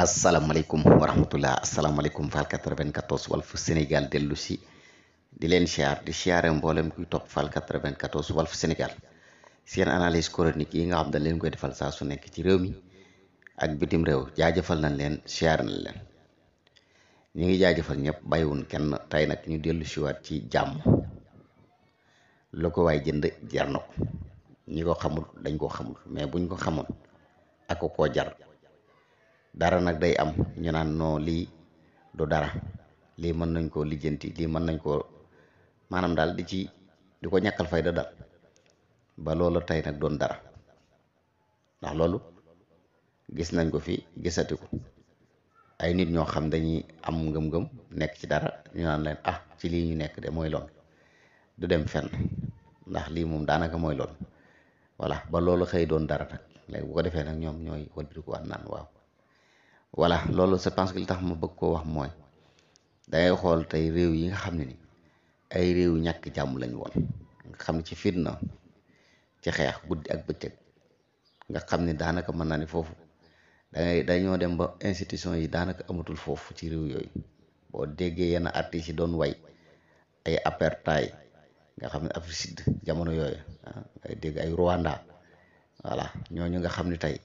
asalaamaaleykum wa rahmatulah asalaamaaleykum Fall 94 Walf Sénégal dellu si di leen siyaar di siyaare mboolem kuy topp Fall 94 Walf Sénégal seen analyse chronique yi nga xam da leen koy defal saa su nekk ci réew mi ak bitim réew jaajafal nañ leen siyaare nañ leen ñu ngi jaajëfal ñëpp bàyyiwun kenn tey nag ñu dellu siwaat ci jàmm lu ko waay jënd jar na ko ñi ko xamul dañ koo xamul mais buñ ko xamoon a koo jar. dara nag day am ñu naan noo lii du dara lii mën nañ koo lijjanti lii mën nañ koo maanaam daal di ci di ko ñàkkal fayda daal ba loolu tey nag doon dara ndax loolu gis nañ ko fi gisati ko ay nit ñoo xam dañuy am ngëm-ngëm nekk ci dara ñu naan leen ah ci lii ñu nekk de mooy lool du dem fenn ndax lii moom daanaka mooy lool voilà ba loolu xëy doon dara nag léegi bu ko defee nag ñoom ñooy walbatiku waan naan waaw voilà loolu je pense que li tax ma bëgg koo wax mooy dangay xool tey réew yi nga xam ne ni ay réew ñàkk jàmm lañu woon nga xam ne ci fitna ci xeex guddi ak bëccëg nga xam ne daanaka mën naa ne foofu dangay dañoo dem ba institution yi daanaka amatul foofu ci réew yooyu boo déggee yenn artistes yi doon way ay apartheid nga xam ne Afrique Sud jamono yooyu ah, ngay dégg ay Rwanda voilà ñooñu nga xam ne tey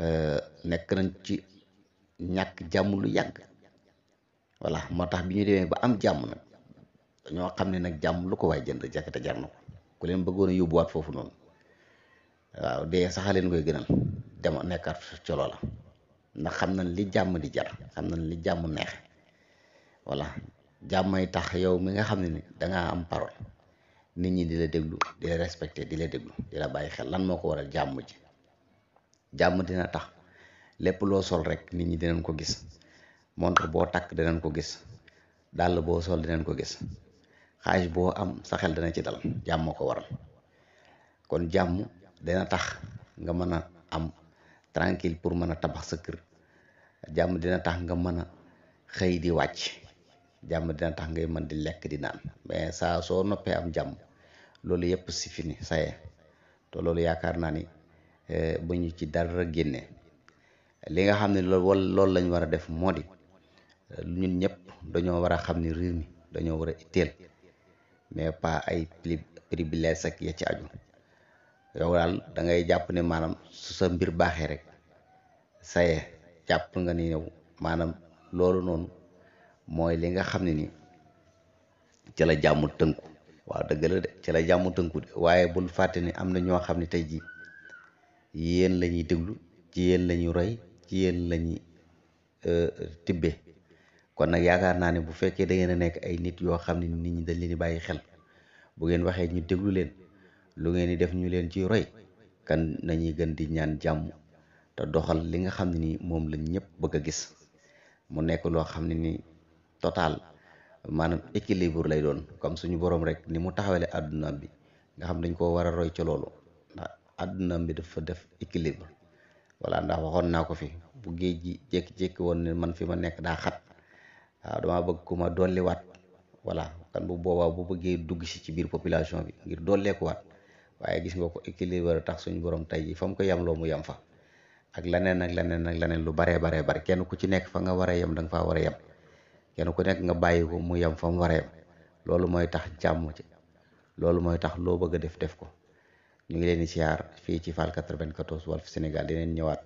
euh, nekk nañ ci ñàkk jàmm lu yàgg voilà moo tax bi ñu demee ba am jàmm nag dañoo xam ne nag jàmm lu ko waay jënd jakkate jar na ko ku leen bëggoon yóbbuwaat foofu noonu waaw dee sax leen koy gënal dema nekkaat ci la ndax xam na li jàmm di jar xam nañ li jàmm neex jàmm jàmmay tax yow mi nga xam ne ni dangaa am parole nit ñi di la déglu di la respecté di la déglu di la bàyyi xel lan moo ko waral jàmm ji jàmm dina tax lépp loo sol rek nit ñi dinañ ko gis montre boo takk dinañ ko gis dàll boo sol dinañ ko gis xaaj boo am sa xel dana ci dal jàmm ko waral kon jàmm dina tax nga mën a am tranquille pour mën a tabax sa kër jàmm dina tax nga mën a xëy di wàcc jàmm dina tax ngay mën di lekk di naan mais saa soo noppee am jàmm loolu yëpp si ni saye te loolu yaakaar naa ni eh, bu ñu ci dara génnee li nga xam ne loolu loolu lañ war a def moo di ñun ñëpp dañoo war a xam ni réew mi dañoo war a itteel mais pas ay privilège ak ya ci aju yow daal da jàpp ne maanaam su sa mbir baaxee rek saye jàpp nga ni yow maanaam loolu noonu mooy li nga xam ne ni ci la jàmm tënku waaw dëgg la de ci la tënku de waaye bul fàtte ni am na ñoo xam ne tey jii yéen lañuy ñuy déglu ci yéen lañuy ñu roy ci yéen la ñu euh, tibbe kon nag yaakaar naa ne bu fekkee da ngeen a nekk ay nit yoo xam ne nit ñi dañ leen di bàyyi xel bu ngeen waxee ñu déglu leen lu ngeen di def ñu leen ci roy kan nañuy gën di ñaan jàmm te doxal li nga xam ne ni moom lañ ñëpp bëgg a gis mu nekk loo xam ne nii total maanaam équilibre lay doon comme suñu borom rek ni mu taxawale àdduna bi nga xam dañ koo war a roy ci loolu ndax àdduna bi dafa def équilibre voilà ndax waxoon naa ko fi bu géej gi jékki-jékki woon ne man fi ma nekk daa xat waaw dama bëgg ku ma dolliwaat voilà kan bu boobaa bu bëggee dugg si ci biir population bi ngir dolleekuwaat waaye gis nga ko équilibre tax suñu borom tey ji fa mu ko yemloo mu yem fa ak leneen ak leneen ak leneen lu baree baree bari kenn ku ci nekk fa nga war a yem da faa war a yem kenn ku nekk nga bàyyi ko mu yem fa mu war a loolu mooy tax jàmm ci loolu mooy tax loo bëgg a def def ko ñu ngi leen di siyaar fii ci Fall 94 Walf Sénégal di leen ñëwaat